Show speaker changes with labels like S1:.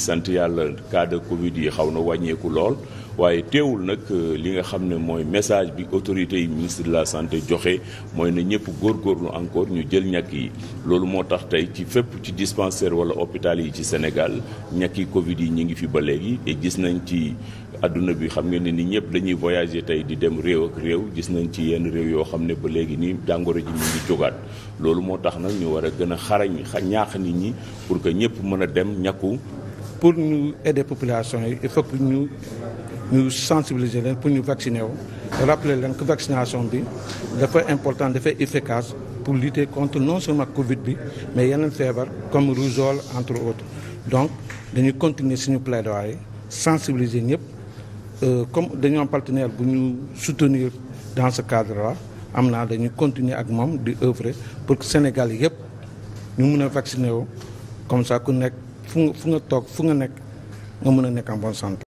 S1: sant yàlla cas de Covid yi xaw na wàññeeku lool waaye teewul nag euh, li nga xam ne mooy message bi autorité yi ministre de la santé joxe mooy ne ñëpp góorgóorlu encore ñu jël ñàkk yi loolu moo tax tey ci fépp ci dispensaire wala hôpital yi ci Sénégal ñàkki Covid yi ñu ngi fi ba léegi gis nañ ci adduna bi xam ngeen ne ni ñëpp dañuy voyager tey di dem réew ak réew gis nañ ci yenn réew yoo xam ne ba léegi nii jàngoro ji mu loolu moo tax nag ñu war a gën a xarañ ñaax nit ñi pour que ñëpp mën a dem ñakku
S2: pour ñu aider population yi il faut que ñu ñu sensibiliser leen pour ñu vacciner wu rappeler leen que vaccination bi dafa important dafa efficace pour lutter contre non seulement Covid bi mais yeneen feebar comme rougeole entre autres donc dañuy continuer suñu plaidoyer sensibiliser ñëpp euh, comme dañu am partenaire bu ñu soutenir dans ce cadre là am naa dañuy continuer ak moom di œuvrer pour que Sénégal yëpp ñu mun a vacciner wu comme ça ku nekk. fu nga fu nga toog
S3: fu nga nekk nga mën a nekk en